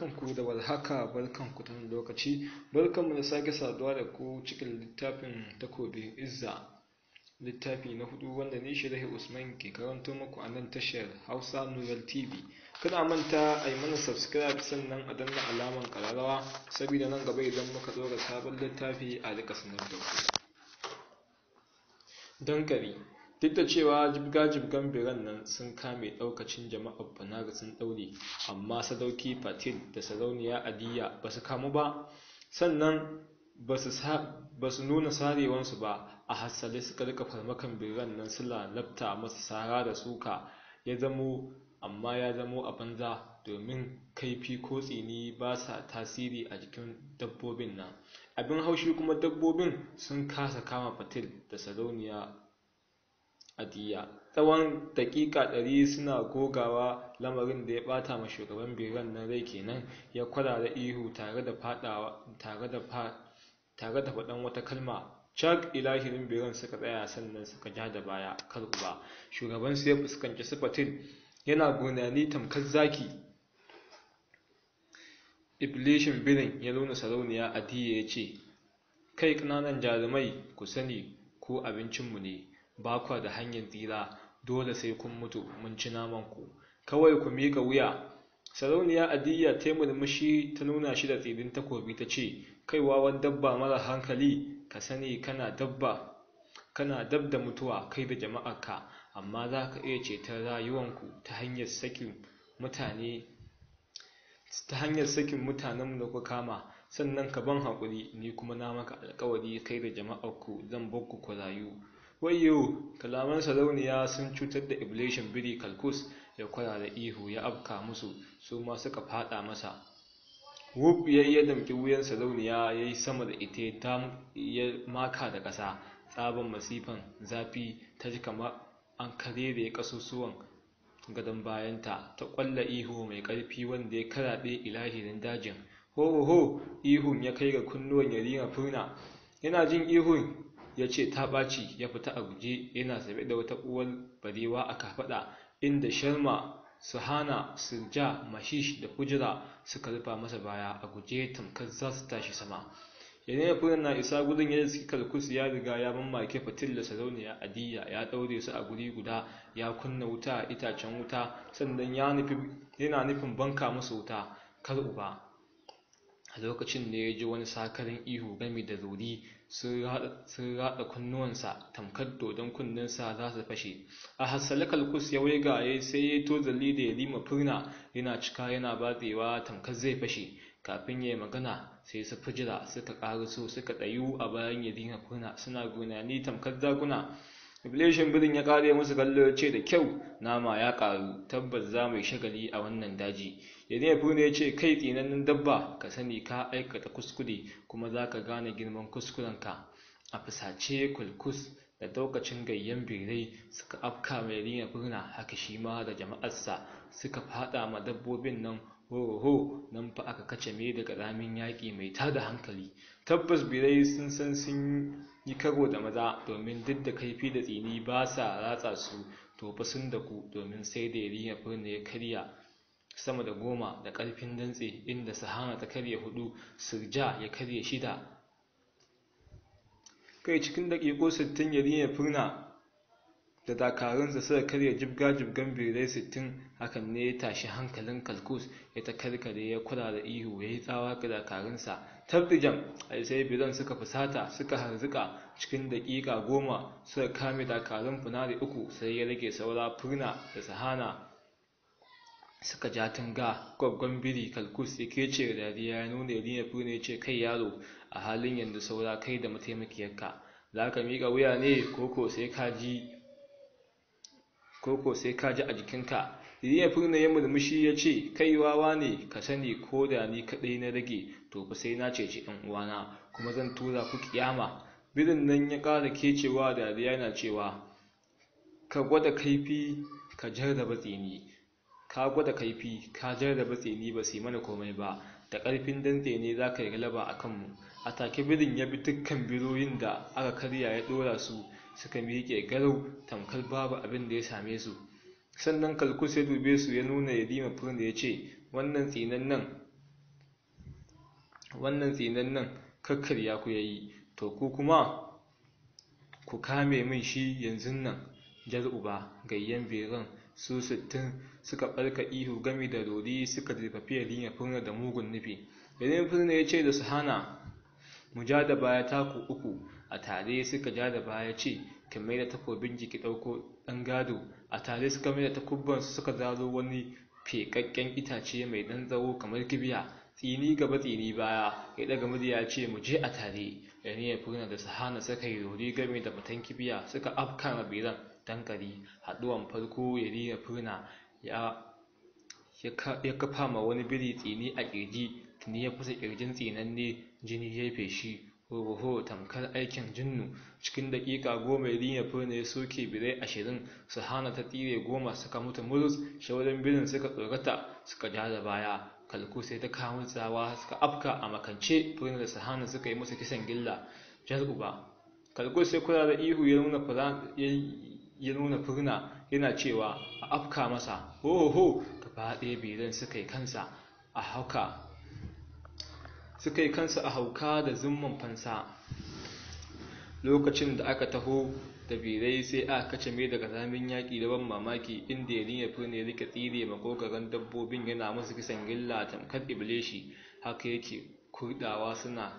barkanku da walhaka barkanku tun lokaci barkanmu da sake saduwa da ku cikin littafin takobin izza littafi na hudu wanda ne shi rahi usman ke karanto muku a nan tashar hausa novel tv kada manta a yi mana subscribe sannan a danna alaman kararrawa saboda nan gaba idan muka ɗora sabon littafi a rika sanar da ku duk da cewa jibga-jibgan biran nan sun kame daukacin jama'ar banaga sun daure amma sadauki fatil da sarauniya adiya ba su kamu ba sannan ba su nuna sarewansu ba a hassale suka rika farmakan biran nan suna lalabta masa sara da suka ya zamo amma ya zamo a banza domin kaifi ko tsini ba sa tasiri a jikin dabbobin nan abin haushi kuma dabbobin sun kasa kama fatil da sarauniya adiya tsawon dakika ɗari suna gogawa lamarin da ya bata ma shugaban biran nan rai kenan ya da ihu tare da faɗan wata kalma Chuck ilahirin biran suka tsaya sannan suka ja da baya kar uba su ya fuskanci sifatin yana gurnani tamkar zaki iblishin birin ya nuna sarauniya adiya ya ce kai ƙananan jarumai ku sani ko abincinmu ne ba kwa da hanyar tsira dole sai kun mutu mun ci namanku. kawai ku miƙa wuya sarauniya adiyya ta murmushi ta nuna shi da tsirin takobi ta ce kai wawan dabba mara hankali ka sani kana dab da mutuwa kai da jama'arka amma za ka iya ceton rayuwanku ta hanyar sakin mutane ta hanyar sakin mutanen da ku kama sannan ka ban haƙuri ni kuma na maka alƙawari kai da jama'arku zan bar ku rayu wayyo kalaman sarauniya sun cutar da Iblishan biri kalkus ya kwaya da ihu ya afka musu su ma suka fada masa wub ya yi damki wuyan sarauniya ya yi sama da ita ta ya maka da ƙasa tsaban masifan zafi ta ji kamar an kare da ya kasusuwan gadon bayanta ta ƙwalla ihu mai karfi wanda ya karaɗe ilahirin dajin ho ho ihun ya kai ga kunnuwan Yarira, furna yana jin ihun ya ce ta ɓaci ya fita a guje yana sabe da wata uwar barewa a kafaɗa inda sharma suhana sirja mashish da kujira suka rufa masa baya a guje tamkar za su tashi sama yanayin furen na isa gudun yadda suke karkus ya riga ya mamake da sarauniya adiya ya ɗaure su a guri guda ya kunna wuta a itacen wuta sannan yana nufin banka musu wuta kar uba a lokacin da ya ji wani sakarin ihu gami da zuri sun rada kunnuwansa tamkar dodon kunninsa za su fashe a hassalakal kus ya wai gaye sai ya tozali da ya lima furna yana cika yana batsewa tamkar zai fashe kafin ya yi magana sai su fijira suka ƙaruso suka ɗayu a bayan ya dina furna suna gunani tamkar zaguna ibilishin birin ya kare musu kallo ce da kyau nama ya karu tabbas za mu shagali a wannan daji ya dai ya ce kai tsinanin dabba ka sani ka aikata kuskure kuma za ka gane girman kuskurenka a fusace kulkus da daukacin gayyan birai suka afka mai riyar birna haka shi ma da jama'arsa suka fada ma dabbobin nan ho nan fa aka kace mai daga ramin yaƙi mai tada hankali tabbas birai sun san sun yi karo da maza domin duk da kaifi da tsini ba sa ratsa su to fa sun ku domin sai da riyar furna ya karya sama da goma da karfin dantse inda sahana ta karya hudu sirja ya karya shida kai cikin daƙiƙo yari ya furna da dakarunsa suka karya jibga-jibgan birai sittin hakan ne ya tashi hankalin kalkus ya ta karkare ya kula da ihu ya yi tsawa ga dakarunsa tabdijan a sai biran suka fusata suka harzuka cikin daƙiƙa goma suka kame dakarun funari uku sai ya rage saura furna da sahana suka ja ga, gwaggon biri kalkus ya ce, da dariya ya nuna yadda fure ya ce kai yaro a halin yanzu saura kai da mataimakiyarka za ka miƙa wuya ne koko sai ka ji a jikinka irina ne ya murmushi ya ce kai wawa ne ka sani ko da ni kaɗai na rage to fa sai na ceci ɗan uwana kuma zan tura ku kiyama birin nan ya ƙara kecewa dariya yana cewa ka gwada kaifi ka jarraba tsini ka gwada kaifi ka jarraba tsini ba sai mana komai ba da ƙarfin dantse ne za ka yi galaba a kanmu a take birin ya bi dukkan biroyin da aka karya ya ɗora su suka miƙe garau tamkar babu abin da ya same su sannan kalkus ya dube su ya nuna ya dima furin da ya ce wannan tsinan nan wannan tsinan nan kakkarya ku yayi to ku kuma ku kame min shi yanzu nan jar'uba gayyan beran su sittin suka ɓarka ihu gami da rori suka a yarinya furna da mugun nufi yarinya furna ya ce da su hana mu ja da baya taku uku a tare suka ja da baya ce ka mai da takobin jiki ɗauko ɗan gado a tare suka mai da su suka zaro wani fekakken itace mai ɗan tsawo kamar kibiya tsini gaba tsini baya ya daga ya ce mu je a tare yanayin furna da sahana suka yi rori game da batan kibiya suka afka biran. dankali haduwan farko ya rera furna ya kafa ma wani biri tsini a kirji tuni ya fasa kirjin tsinanne jini ya feshi ho tamkar aikin jinnu cikin daƙiƙa goma ya rina furna ya soke birai ashirin su hana ta tsire goma suka mutu murus shawarin birin suka tsorata suka ja da baya kalku sai ta kawo tsawa suka afka a makance furna da hana suka yi musu kisan gilla jar uba kalku sai kula da ihu ya nuna ya nuna furna yana cewa a afka masa hoho gaba ɗaya biran suka yi kansa a hauka suka yi kansa a hauka da zumman fansa lokacin da aka taho da birai sai a kace mai daga zamin yaƙi da ban mamaki inda ya niya ya fune rika tsire makogaran dabbobin yana musu kisan gilla tamkar iblishi haka yake kurdawa suna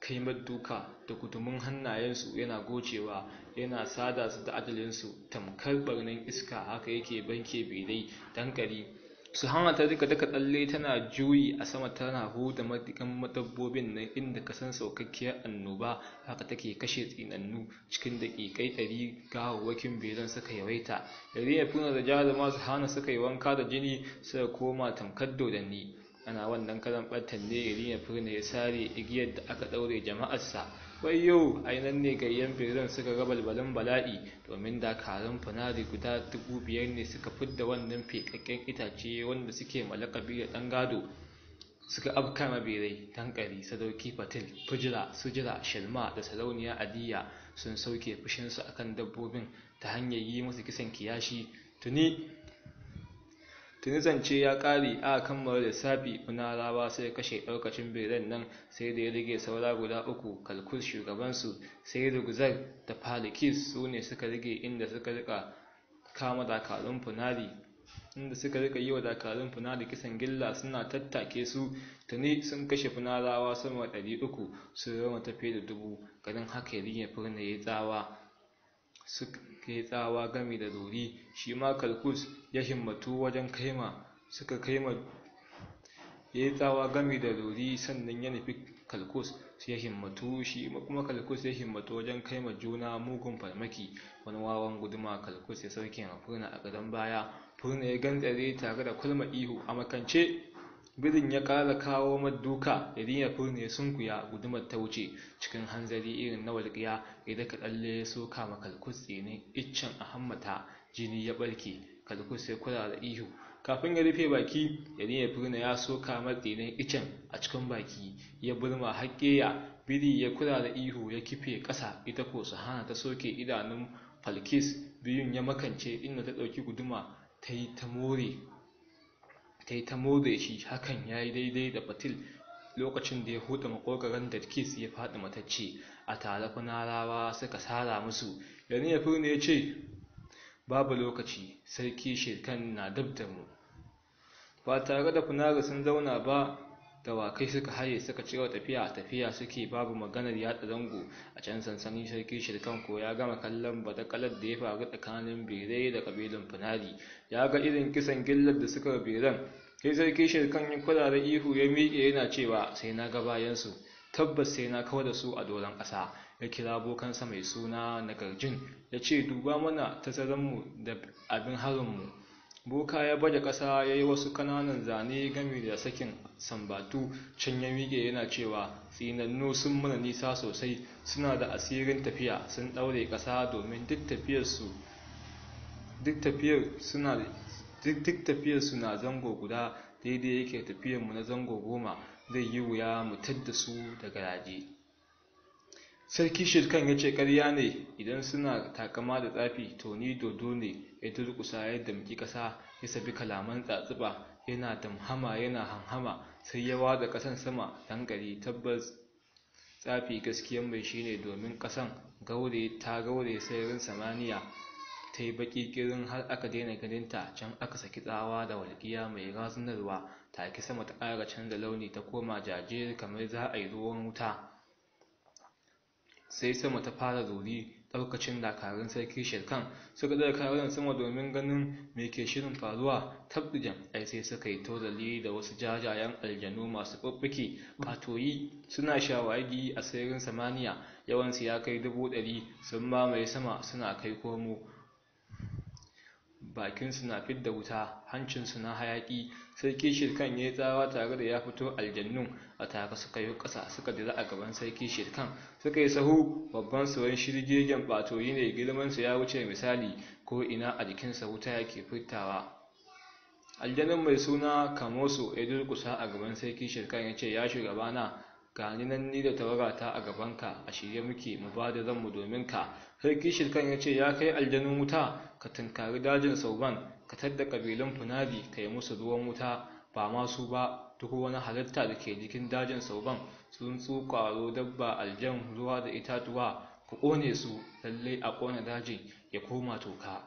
kaimar duka da gudumin hannayensu yana gocewa yana sada su da adalinsu tamkar barnin iska haka yake banke bilai dankali su hana ta duka duka tsalle tana juyi a sama tana huda madikan madabbobin nan inda ka san saukakkiyar annoba haka take kashe tsinannu cikin daƙiƙai ɗari gawawwakin belon suka yawaita da ya funa da jihar masu hana suka yi wanka da jini suka koma tamkar dodanni ana wannan karan ɓatan ne ya firna ya sare igiyar da aka ɗaure jama'arsa wayo ainihin ne gayyan firin suka ga balbalin bala'i domin dakarun fanari guda dubu biyar ne suka fidda wannan fekakken itace wanda suke malakabi da ɗan gado suka berai mabirai tankari sadauki fatil fujira sujira shalma da sarauniya adiya sun sauke fushinsu akan dabbobin ta hanyar yi musu kisan kiyashi tuni tuni zance ya kare a kammala lissafi rawa sai kashe ɗaukacin beren nan sai da ya rige saura guda uku kalkus shugabansu sai rugzar da falikis su ne suka rige inda suka rika kama dakarun funari inda suka rika yi wa dakarun funari kisan gilla suna tattake su tuni sun kashe funarawa sama 300 ɗari uku su rama tafe da dubu ganin haka ya rige furna ya tsawa suke tsawa gami da dori shi ma kalkus ya himmatu wajen kaima suka kaima ya yi tsawa gami da dori sannan ya nufi kalkus ya himmatu shi kuma kalkus ya himmatu wajen kaima juna mugun farmaki wani wawan guduma kalkus ya sauke ma furna a gadon baya furna ya gantsare tare da kulma ihu a makance birin ya ƙara kawo maduka ya dina furne sunkuya gudumar ta wuce cikin hanzari irin na walƙiya idan ka tsalle ya soka ma kalkus ne iccen a hammata jini ya ɓarke kalkus ya kula da ihu kafin ya rufe baki ya furne ya soka ma tsinin iccen a cikin baki ya burma ya biri ya kula da ihu ya kife ƙasa ita ko su hana ta soke idanun falkis biyun ya makance inda ta ɗauki guduma ta yi ta more ta yi ta more shi hakan ya yi daidai da batil lokacin da ya huda makogaran da kis ya faɗi matacce a tare rawa suka sara musu yanzu ya fi ya ce babu lokaci sarki shirkan na dab mu ba tare da funara sun zauna ba dawakai suka haye suka cewa tafiya tafiya suke babu maganar yatsa zango a can sansanin sarki shirkan ko ya gama kallon badakalar da ya faru tsakanin birai da kabilin funari ya ga irin kisan gillar da suka beren sai sarki shirkan ya kula da ihu ya miƙe yana cewa sai na ga bayansu tabbas sai na kawar da su a doron ƙasa ya kira abokansa mai suna na garjin ya ce duba mana tazaranmu da abin harinmu boka ya baje kasa ya yi wasu kananan zane gami da sakin sambatu can ya miƙe yana cewa tsinannu sun mana nisa sosai suna da asirin tafiya sun daure kasa domin duk tafiyarsu na zango guda daidai yake tafiyarmu na zango goma zai yi wuya mu da su daga raje sarki shirkan ya ce karya ne idan suna takama da tsafi to ni dodo ne ya durƙusa yadda muke kasa ya sabi kalaman tsatsuba yana tamhama yana hanhama sai ya wada kasan sama gari tabbas tsafi gaskiyan mai shine domin kasan gaure ta gaure sararin samaniya ta yi baki kirin har aka daina ta can aka saki tsawa da walƙiya mai razunarwa ki sama ta ƙara canza launi ta koma jaje kamar za a yi ruwan wuta sai sama ta fara zuri daukacin dakarun sarki shirkan suka ɗaga kayan sama domin ganin mai ke shirin faruwa tabbijan ai sai suka yi tozali da wasu jajayen aljanu masu ɓuɓɓuke fatoyi suna shawagi a sararin samaniya yawansu ya kai dubu ɗari sun mamaye sama suna kai komo bakinsu na fidda wuta hancinsu na hayaƙi sarki shirkan ya yi tsawa tare da ya fito aljannun a tare suka yi ƙasa suka dira a gaban sarki shirkan suka yi sahu babban sauran shirgegen batoyi ne girmansu ya wuce misali ko ina a jikinsa wuta yake fitawa aljanun mai suna kamoso ya durkusa a gaban sarki shirkan ya ce ya shugabana gani nan ni da ta a gabanka a shirye muke mu ba da zanmu domin ka sarki kan ya ce ya kai aljanun wuta ka tunkari dajin sauban ka tadda kabilan funabi ka yi musu ruwan wuta ba masu ba duk wani halitta da ke jikin dajin sauban sun tsukaro dabba aljan ruwa da itatuwa ku ƙone su lallai a ƙone dajin ya koma toka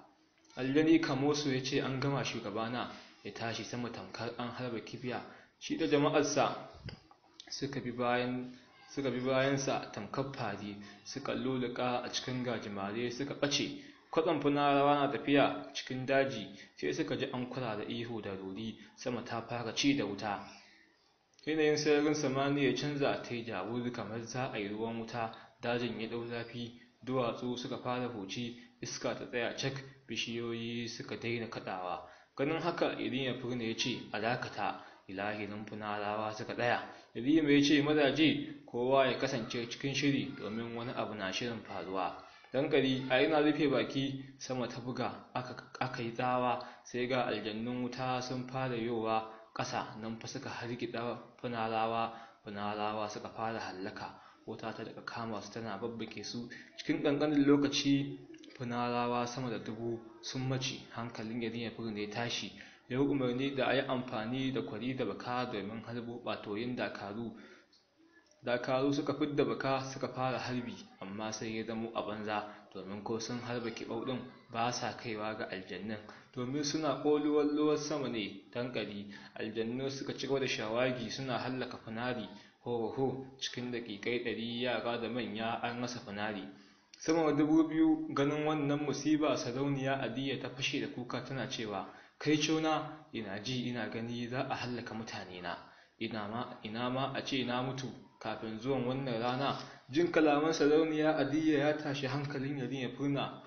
aljani kamosu ya ce an gama shugabana ya tashi sama tamkar an harba kibiya shi da jama'arsa suka bi bayan sa bayansa tamkar fari suka luluka a cikin gajimare suka ɓace funa funarawa na tafiya cikin daji sai suka ji an kura da ihu da ruri sama ta fara ci da wuta yanayin sararin ya canza ta yi jawuri kamar za a yi ruwan wuta dajin ya ɗau zafi duwatsu suka fara huci iska ta tsaya cak bishiyoyi suka daina kaɗawa ganin haka irin ya furna ya ce a dakata ilahirin funarawa suka tsaya. rima ya ce mazaji kowa ya kasance cikin shiri domin wani abu na shirin faruwa dankali a yana rufe baki sama ta buga aka yi tsawa sai ga aljannun wuta sun fara yowa ƙasa nan fa suka hargitsa funarawa funarawa suka fara hallaka wuta ta daga kama su tana babbake su cikin ƙanƙanin lokaci funarawa sama da dubu sun mace hankalin yadda ya tashi ya umarni da a yi amfani da kwari da baka domin harbo batoyin dakaru dakaru suka da baka suka fara harbi amma sai ya zamo a banza domin ko sun harba kibau ɗin ba sa kaiwa ga aljannin domin suna ƙoluwar luwar sama ne tankali aljannu suka ci da shawagi suna hallaka finari ho ho cikin daƙiƙai ɗari yara da manya an rasa finari. sama dubu biyu ganin wannan musiba sarauniya adiyya ta fashe da kuka tana cewa kai cona ina ji ina gani za a hallaka mutane na ina ma a ce na mutu kafin zuwan wannan rana jin kalaman sarauniya adiya ya tashi hankalin yadin ya furna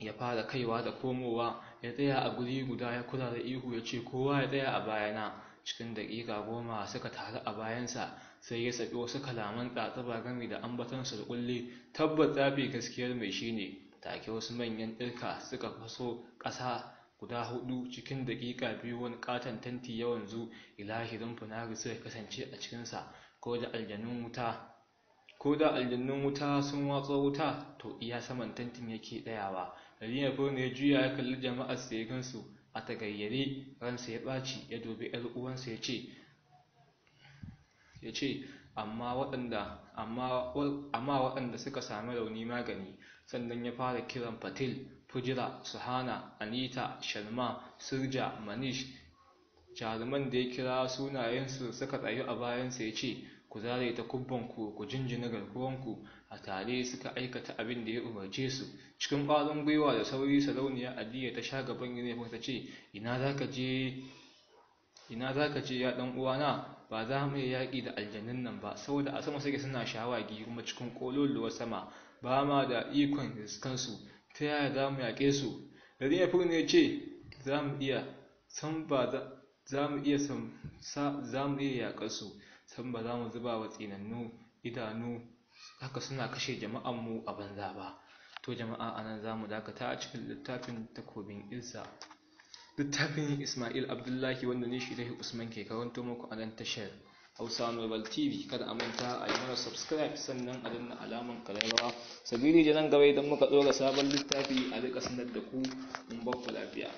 ya fara kaiwa da komowa ya tsaya a guri guda ya kula da ihu ya ce kowa ya tsaya a bayana cikin daƙiƙa goma suka taru a bayansa sai ya saki wasu kalaman tsatsaba game da ambatansu da kulle tabbat tsafi gaskiyar mai shine. take wasu manyan ɗirka suka faso ƙasa guda hudu cikin daƙiƙa biyu wani ƙaton tanti ya wanzu don funari suka kasance a cikinsa ko da aljanun wuta sun watsa wuta to iya saman tantin yake tsayawa Alina Furna ya juya ya kalli jama'ar sai gansu a tagayyare ransa ya ɓaci ya dubi ‘yar uwansa ya ce ya ce amma waɗanda suka sami rauni magani sannan ya fara kiran fatil fujira suhana anita Sharma, sirja manish jaruman da ya kira sunayensu suka tsayu a bayansa ya ce ku zare ta kubbanku ku jinjina garkuwanku a tare suka aikata abin da ya umarce su cikin ƙwarin gwiwa da sauri sarauniya aliya ta sha gaban yunifin ta ce ina za ka je ya ɗan uwana ba za mu yi yaƙi da aljanun nan ba saboda a sama suke suna shawagi kuma cikin kololuwa sama ba ma da ikon kansu ta yaya za mu yaƙe su Da zai ya ne ce za mu iya ba za mu iya za yaƙar su san ba za mu zuba wa tsinannu idanu haka suna kashe mu a banza ba to jama'a anan za mu dakata a cikin littafin takobin izza littafin Ismail Abdullahi wanda ne shi Usman ke karanto muku a nan tashar Hausa Nobel TV kada a manta a yi mana subscribe sannan a danna alaman kalarawa sabili da nan gaba idan muka ɗora sabon littafi a rika sanar da ku in ba lafiya